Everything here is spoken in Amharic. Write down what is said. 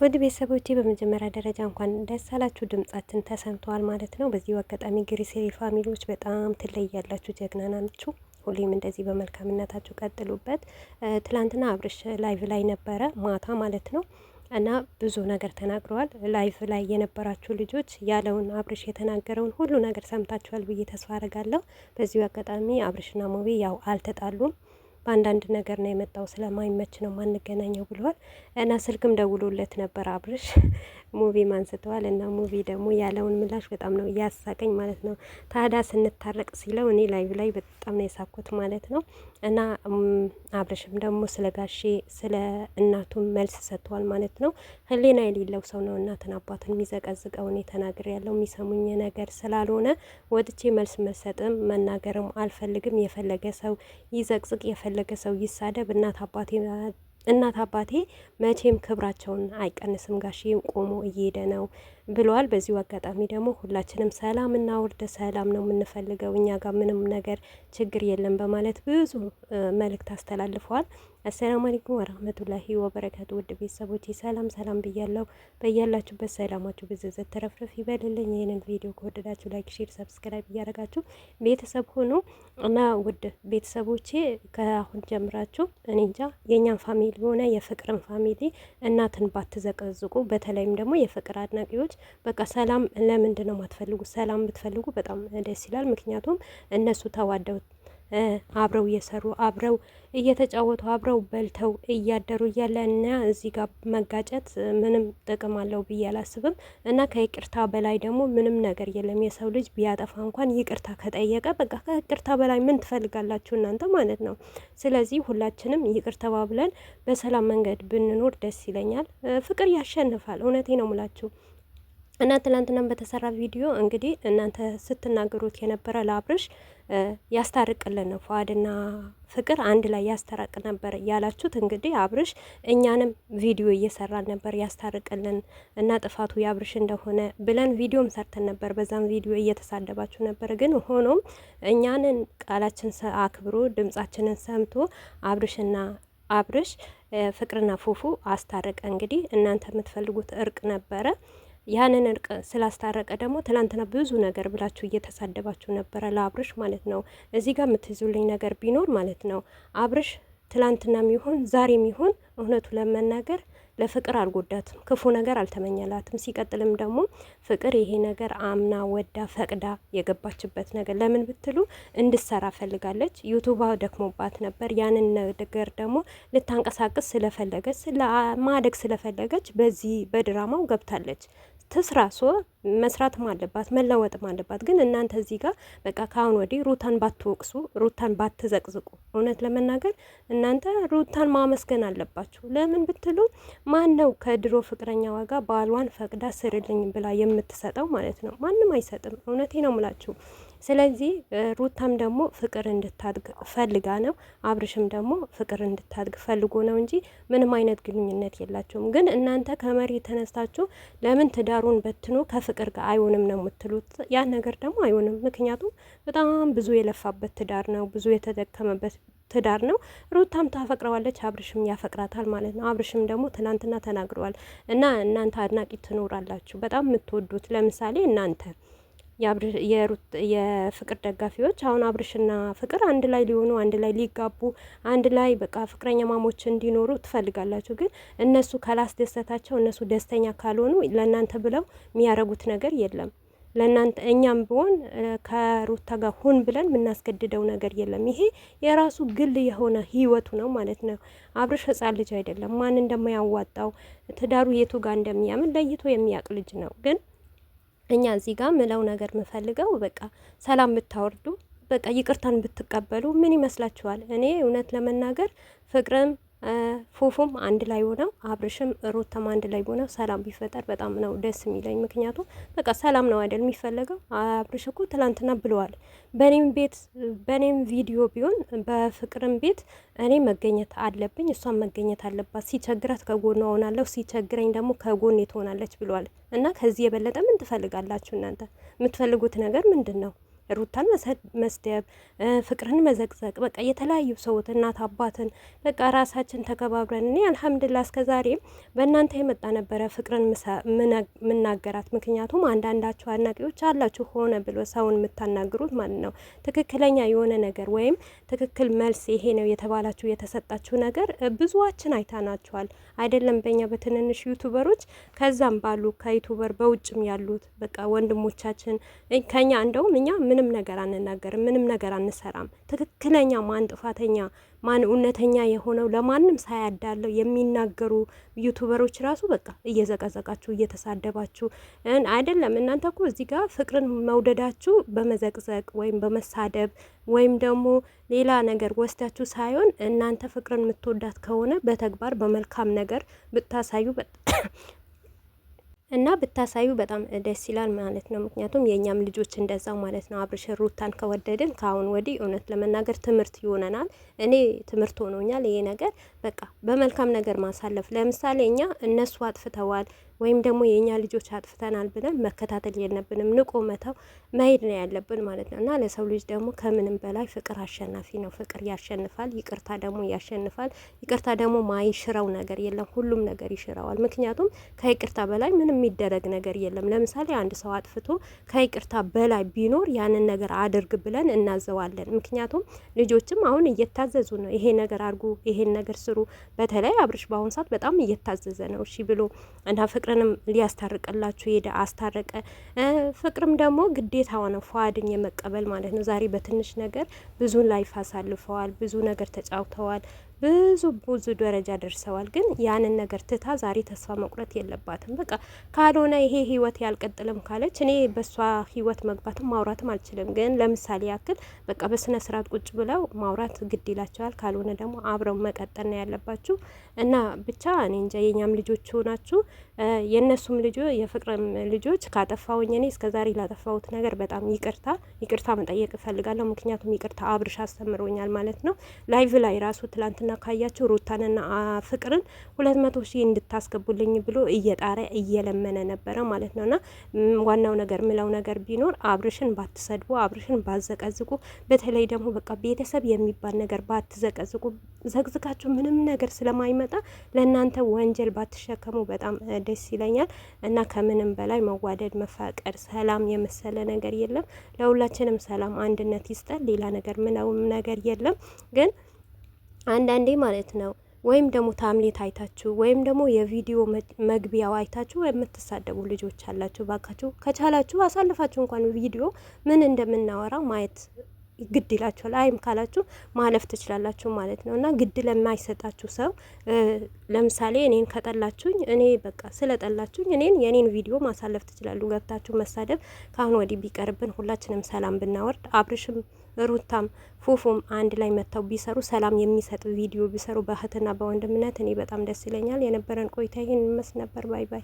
ውድ ቤተሰቦቼ በመጀመሪያ ደረጃ እንኳን ደስ አላችሁ፣ ድምጻችን ተሰምተዋል ማለት ነው። በዚሁ አጋጣሚ ግሪሴሪ ፋሚሊዎች በጣም ትለያላችሁ፣ ጀግና ናችሁ። ሁሌም እንደዚህ በመልካምነታችሁ ቀጥሉበት። ትላንትና አብርሽ ላይቭ ላይ ነበረ ማታ ማለት ነው እና ብዙ ነገር ተናግረዋል። ላይቭ ላይ የነበራችሁ ልጆች ያለውን አብርሽ የተናገረውን ሁሉ ነገር ሰምታችኋል ብዬ ተስፋ አረጋለሁ። በዚሁ አጋጣሚ አብርሽና ሞቢ ያው አልተጣሉም በአንዳንድ ነገር ነው የመጣው ስለማይመች ነው ማንገናኘው ብለዋል እና ስልክም ደውሎለት ነበር አብርሽ ሙቪም አንስተዋል እና ሙቪ ደግሞ ያለውን ምላሽ በጣም ነው እያሳቀኝ ማለት ነው። ታዳ ስንታረቅ ሲለው እኔ ላይ ላይ በጣም ነው የሳኩት ማለት ነው። እና አብረሽም ደግሞ ስለ ጋሼ ስለ እናቱ መልስ ሰጥተዋል ማለት ነው። ህሊና የሌለው ሰው ነው እናትን አባትን የሚዘቀዝቀው። እኔ ተናግሬ ያለው የሚሰሙኝ ነገር ስላልሆነ ወጥቼ መልስ መሰጥም መናገርም አልፈልግም። የፈለገ ሰው ይዘቅዝቅ፣ የፈለገ ሰው ይሳደብ እናት አባቴ እናት አባቴ መቼም ክብራቸውን አይቀንስም፣ ጋሽም ቆሞ እየሄደ ነው ብለዋል። በዚሁ አጋጣሚ ደግሞ ሁላችንም ሰላም እና ሰላም ነው የምንፈልገው እኛ ጋር ምንም ነገር ችግር የለም በማለት ብዙ መልእክት አስተላልፈዋል። አሰላሙ አለይኩም ወራህመቱላሂ ወበረካቱ። ውድ ቤተሰቦች ሰላም ሰላም ብያለሁ። በያላችሁበት ሰላማችሁ ብዝዝት ተረፍረፍ ይበልልኝ። ይህንን ቪዲዮ ከወደዳችሁ ላይክ፣ ሼር፣ ሰብስክራይብ እያደረጋችሁ ቤተሰብ ሆኖ እና ውድ ቤተሰቦቼ ከአሁን ጀምራችሁ እኔ እንጃ የእኛን ፋሚሊ ሆነ የፍቅርን ፋሚሊ እናትን ባትዘቀዝቁ፣ በተለይም ደግሞ የፍቅር አድናቂዎች በቃ ሰላም ለምንድን ነው ማትፈልጉ? ሰላም ብትፈልጉ በጣም ደስ ይላል። ምክንያቱም እነሱ ተዋደው አብረው እየሰሩ አብረው እየተጫወቱ አብረው በልተው እያደሩ እያለ እና እዚህ ጋር መጋጨት ምንም ጥቅም አለው ብዬ አላስብም እና ከይቅርታ በላይ ደግሞ ምንም ነገር የለም። የሰው ልጅ ቢያጠፋ እንኳን ይቅርታ ከጠየቀ በቃ ከይቅርታ በላይ ምን ትፈልጋላችሁ እናንተ ማለት ነው። ስለዚህ ሁላችንም ይቅር ተባብለን በሰላም መንገድ ብንኖር ደስ ይለኛል። ፍቅር ያሸንፋል። እውነቴ ነው ሙላችሁ። እና ትላንትናም በተሰራ ቪዲዮ እንግዲህ እናንተ ስትናገሩት የነበረ ለአብርሽ ያስታርቅልን ፏድና ፍቅር አንድ ላይ ያስታርቅ ነበር ያላችሁት። እንግዲህ አብርሽ እኛንም ቪዲዮ እየሰራን ነበር ያስታርቅልን እና ጥፋቱ የአብርሽ እንደሆነ ብለን ቪዲዮም ሰርተን ነበር። በዛም ቪዲዮ እየተሳደባችሁ ነበር። ግን ሆኖም እኛንን ቃላችን አክብሮ ድምጻችንን ሰምቶ አብርሽና አብርሽ ፍቅርና ፉፉ አስታርቀ እንግዲህ እናንተ የምትፈልጉት እርቅ ነበረ። ያንን እርቅ ስላስታረቀ ደግሞ ትናንትና ብዙ ነገር ብላችሁ እየተሳደባችሁ ነበረ ለአብርሽ ማለት ነው። እዚህ ጋር የምትይዙልኝ ነገር ቢኖር ማለት ነው አብርሽ ትላንትና ሚሆን ዛሬ ሚሆን እውነቱ ለመናገር ለፍቅር አልጎዳትም፣ ክፉ ነገር አልተመኘላትም። ሲቀጥልም ደግሞ ፍቅር ይሄ ነገር አምና ወዳ ፈቅዳ የገባችበት ነገር ለምን ብትሉ እንድሰራ ፈልጋለች። ዩቱባ ደክሞባት ነበር። ያንን ነገር ደግሞ ልታንቀሳቅስ ስለፈለገች ማደግ ስለፈለገች በዚህ በድራማው ገብታለች። ትስራሶ መስራትም አለባት መለወጥም አለባት። ግን እናንተ እዚህ ጋር በቃ ከአሁን ወዲህ ሩታን ባትወቅሱ፣ ሩታን ባትዘቅዝቁ። እውነት ለመናገር እናንተ ሩታን ማመስገን አለባችሁ። ለምን ብትሉ ማን ነው ከድሮ ፍቅረኛ ዋጋ ባሏን ፈቅዳ ስርልኝ ብላ የምትሰጠው ማለት ነው? ማንም አይሰጥም። እውነቴ ነው ምላችሁ ስለዚህ ሩታም ደግሞ ፍቅር እንድታድግ ፈልጋ ነው። አብርሽም ደግሞ ፍቅር እንድታድግ ፈልጎ ነው እንጂ ምንም አይነት ግንኙነት የላቸውም። ግን እናንተ ከመሬት ተነስታችሁ ለምን ትዳሩን በትኖ ከፍቅር ጋር አይሆንም ነው የምትሉት? ያ ነገር ደግሞ አይሆንም። ምክንያቱም በጣም ብዙ የለፋበት ትዳር ነው፣ ብዙ የተደከመበት ትዳር ነው። ሩታም ታፈቅረዋለች፣ አብርሽም ያፈቅራታል ማለት ነው። አብርሽም ደግሞ ትናንትና ተናግረዋል እና እናንተ አድናቂ ትኖራላችሁ በጣም የምትወዱት ለምሳሌ እናንተ የፍቅር ደጋፊዎች አሁን አብርሽና ፍቅር አንድ ላይ ሊሆኑ አንድ ላይ ሊጋቡ አንድ ላይ በቃ ፍቅረኛ ማሞች እንዲኖሩ ትፈልጋላችሁ። ግን እነሱ ካላስደሰታቸው እነሱ ደስተኛ ካልሆኑ ለእናንተ ብለው የሚያረጉት ነገር የለም። ለእናንተ እኛም ቢሆን ከሩታ ጋር ሁን ብለን የምናስገድደው ነገር የለም። ይሄ የራሱ ግል የሆነ ህይወቱ ነው ማለት ነው። አብርሽ ህጻን ልጅ አይደለም። ማን እንደማያዋጣው ትዳሩ የቱ ጋር እንደሚያምን ለይቶ የሚያውቅ ልጅ ነው ግን እኛ እዚህ ጋር ምለው ነገር ምፈልገው በቃ ሰላም ብታወርዱ፣ በቃ ይቅርታን ብትቀበሉ ምን ይመስላችኋል? እኔ እውነት ለመናገር ፍቅርም ፉፉም አንድ ላይ ሆነው አብርሽም ሩታም አንድ ላይ ሆነው ሰላም ቢፈጠር በጣም ነው ደስ የሚለኝ። ምክንያቱም በቃ ሰላም ነው አይደል የሚፈለገው። አብርሽ እኮ ትላንትና ብለዋል፣ በኔም ቤት በኔም ቪዲዮ ቢሆን በፍቅርም ቤት እኔ መገኘት አለብኝ፣ እሷም መገኘት አለባት። ሲቸግራት ከጎኗ ሆናለሁ፣ ሲቸግረኝ ደግሞ ከጎኔ ትሆናለች ብለዋል። እና ከዚህ የበለጠ ምን ትፈልጋላችሁ እናንተ? የምትፈልጉት ነገር ምንድን ነው? ሩታን መስደብ፣ ፍቅርን መዘግዘቅ፣ በቃ የተለያዩ ሰዎች እናት አባትን በቃ ራሳችን ተከባብረን እኔ አልሐምድላ እስከዛሬ በእናንተ የመጣ ነበረ ፍቅርን ምናገራት። ምክንያቱም አንዳንዳችሁ አድናቂዎች አላችሁ ሆነ ብሎ ሰውን የምታናግሩት ማለት ነው። ትክክለኛ የሆነ ነገር ወይም ትክክል መልስ ይሄ ነው የተባላችሁ የተሰጣችሁ ነገር ብዙዋችን አይታናችኋል አይደለም በኛ በትንንሽ ዩቱበሮች ከዛም ባሉ ከዩቱበር በውጭም ያሉት በቃ ወንድሞቻችን ከኛ እንደውም እኛ ምንም ነገር አንናገርም፣ ምንም ነገር አንሰራም። ትክክለኛ ማን ጥፋተኛ ማን እውነተኛ የሆነው ለማንም ሳያዳለው የሚናገሩ ዩቱበሮች ራሱ በቃ እየዘቀዘቃችሁ እየተሳደባችሁ አይደለም። እናንተ እኮ እዚህ ጋር ፍቅርን መውደዳችሁ በመዘቅዘቅ ወይም በመሳደብ ወይም ደግሞ ሌላ ነገር ወስዳችሁ ሳይሆን እናንተ ፍቅርን የምትወዳት ከሆነ በተግባር በመልካም ነገር ብታሳዩ እና ብታሳዩ በጣም ደስ ይላል ማለት ነው። ምክንያቱም የእኛም ልጆች እንደዛው ማለት ነው። አብርሽ ሩታን ከወደድን ከአሁን ወዲህ እውነት ለመናገር ትምህርት ይሆነናል። እኔ ትምህርት ሆኖኛል ይሄ ነገር። በቃ በመልካም ነገር ማሳለፍ ለምሳሌ እኛ እነሱ አጥፍተዋል ወይም ደግሞ የእኛ ልጆች አጥፍተናል ብለን መከታተል የለብንም። ንቆ መተው መሄድ ነው ያለብን ማለት ነው እና ለሰው ልጅ ደግሞ ከምንም በላይ ፍቅር አሸናፊ ነው። ፍቅር ያሸንፋል፣ ይቅርታ ደግሞ ያሸንፋል። ይቅርታ ደግሞ ማይሽረው ነገር የለም፣ ሁሉም ነገር ይሽረዋል። ምክንያቱም ከይቅርታ በላይ ምንም የሚደረግ ነገር የለም። ለምሳሌ አንድ ሰው አጥፍቶ ከይቅርታ በላይ ቢኖር ያንን ነገር አድርግ ብለን እናዘዋለን። ምክንያቱም ልጆችም አሁን እየታዘዙ ነው። ይሄ ነገር አድርጉ፣ ይሄን ነገር ስሩ። በተለይ አብርሽ በአሁኑ ሰዓት በጣም እየታዘዘ ነው። እሺ ብሎ እና ፍቅር ፍቅርንም ሊያስታርቅላችሁ ሄደ፣ አስታረቀ። ፍቅርም ደግሞ ግዴታዋ ነው ፏድን የመቀበል ማለት ነው። ዛሬ በትንሽ ነገር ብዙ ላይፍ አሳልፈዋል፣ ብዙ ነገር ተጫውተዋል። ብዙ ብዙ ደረጃ ደርሰዋል። ግን ያንን ነገር ትታ ዛሬ ተስፋ መቁረጥ የለባትም። በቃ ካልሆነ ይሄ ህይወት ያልቀጥልም ካለች እኔ በእሷ ህይወት መግባትም ማውራትም አልችልም። ግን ለምሳሌ ያክል በቃ በስነ ስርዓት ቁጭ ብለው ማውራት ግድ ይላቸዋል። ካልሆነ ደግሞ አብረው መቀጠል ነው ያለባችሁ እና ብቻ እኔ እንጃ የኛም ልጆች ሆናችሁ የእነሱም ልጆ የፍቅርም ልጆች ካጠፋውኝ እኔ እስከዛሬ ላጠፋሁት ነገር በጣም ይቅርታ ይቅርታ መጠየቅ እፈልጋለሁ። ምክንያቱም ይቅርታ አብርሽ አስተምሮኛል ማለት ነው ላይቭ ላይ ራሱ ትላንት ትናንትና ካያቸው ሩታንና ፍቅርን ሁለት መቶ ሺህ እንድታስገቡልኝ ብሎ እየጣረ እየለመነ ነበረ ማለት ነውና ዋናው ነገር ምለው ነገር ቢኖር አብርሽን ባትሰድቡ፣ አብርሽን ባዘቀዝቁ፣ በተለይ ደግሞ በቃ ቤተሰብ የሚባል ነገር ባትዘቀዝቁ። ዘቅዝቃችሁ ምንም ነገር ስለማይመጣ ለእናንተ ወንጀል ባትሸከሙ በጣም ደስ ይለኛል እና ከምንም በላይ መዋደድ፣ መፋቀር፣ ሰላም የመሰለ ነገር የለም። ለሁላችንም ሰላም አንድነት ይስጠን። ሌላ ነገር ምለውም ነገር የለም ግን አንዳንዴ ማለት ነው ወይም ደግሞ ታምሌት አይታችሁ ወይም ደግሞ የቪዲዮ መግቢያው አይታችሁ የምትሳደቡ ልጆች አላችሁ። ባካችሁ ከቻላችሁ አሳልፋችሁ እንኳን ቪዲዮ ምን እንደምናወራ ማየት ግድ ይላችኋል። አይም ካላችሁ ማለፍ ትችላላችሁ ማለት ነው። እና ግድ ለማይሰጣችሁ ሰው ለምሳሌ እኔን ከጠላችሁኝ፣ እኔ በቃ ስለጠላችሁኝ እኔን የኔን ቪዲዮ ማሳለፍ ትችላሉ። ገብታችሁ መሳደብ ከአሁን ወዲህ ቢቀርብን ሁላችንም ሰላም ብናወርድ አብርሽም ሩታም ፉፉም አንድ ላይ መጥተው ቢሰሩ ሰላም የሚሰጥ ቪዲዮ ቢሰሩ በእህትና በወንድምነት እኔ በጣም ደስ ይለኛል። የነበረን ቆይታ ይህን ይመስል ነበር። ባይ ባይ።